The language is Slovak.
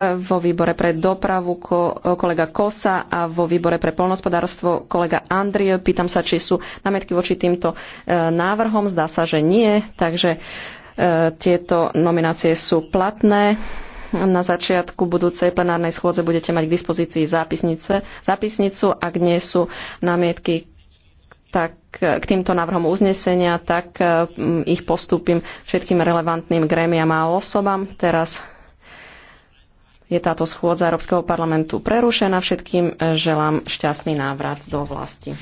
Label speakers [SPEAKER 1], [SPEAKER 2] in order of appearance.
[SPEAKER 1] vo výbore pre dopravu kolega Kosa a vo výbore pre polnospodárstvo kolega Andrie. Pýtam sa, či sú námetky voči týmto e, návrhom. Zdá sa, že nie, takže e, tieto nominácie sú platné. Na začiatku budúcej plenárnej schôdze budete mať k dispozícii zápisnice, zápisnicu. Ak nie sú námietky tak e, k týmto návrhom uznesenia, tak ich postúpim všetkým relevantným grémiam a osobám. Teraz je táto schôdza Európskeho parlamentu prerušená. Všetkým želám šťastný návrat do
[SPEAKER 2] vlasti.